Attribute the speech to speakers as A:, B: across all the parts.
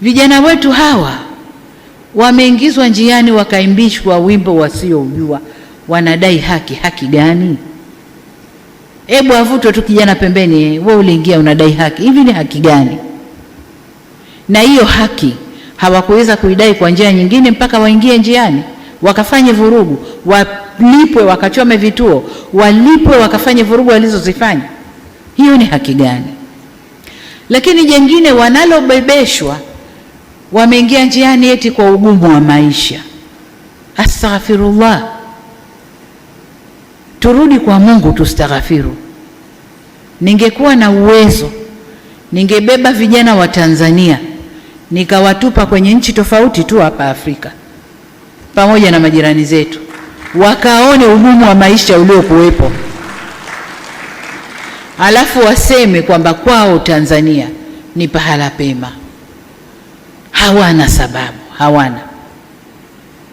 A: Vijana wetu hawa wameingizwa njiani, wakaimbishwa wimbo wasioujua, wanadai haki. Haki gani? Hebu avutwe tu kijana pembeni, wewe uliingia unadai haki, hivi ni haki gani? Na hiyo haki hawakuweza kuidai kwa njia nyingine, mpaka waingie njiani wakafanye vurugu, walipwe, wakachome vituo, walipwe, wakafanye vurugu walizozifanya. Hiyo ni haki gani? Lakini jengine wanalobebeshwa wameingia njiani eti kwa ugumu wa maisha. Astaghfirullah, turudi kwa Mungu tustaghfiru. Ningekuwa na uwezo ningebeba vijana wa Tanzania nikawatupa kwenye nchi tofauti tu hapa Afrika pamoja na majirani zetu, wakaone ugumu wa maisha uliokuwepo, alafu waseme kwamba kwao Tanzania ni pahala pema hawana sababu, hawana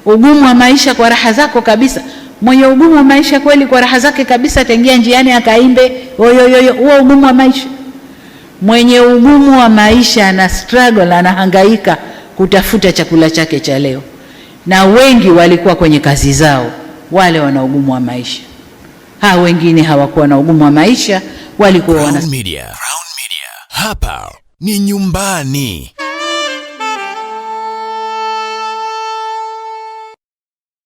A: ugumu wa maisha kwa raha zako kabisa. Mwenye ugumu wa maisha kweli kwa raha zake kabisa, ataingia njiani akaimbe oyoyoyo, huo ugumu wa maisha. Mwenye ugumu wa maisha ana struggle, anahangaika kutafuta chakula chake cha leo, na wengi walikuwa kwenye kazi zao, wale wana ugumu wa maisha. Ha, wengine hawakuwa na ugumu wa maisha, walikuwa wana... Crown Media. Crown Media. Hapa ni nyumbani.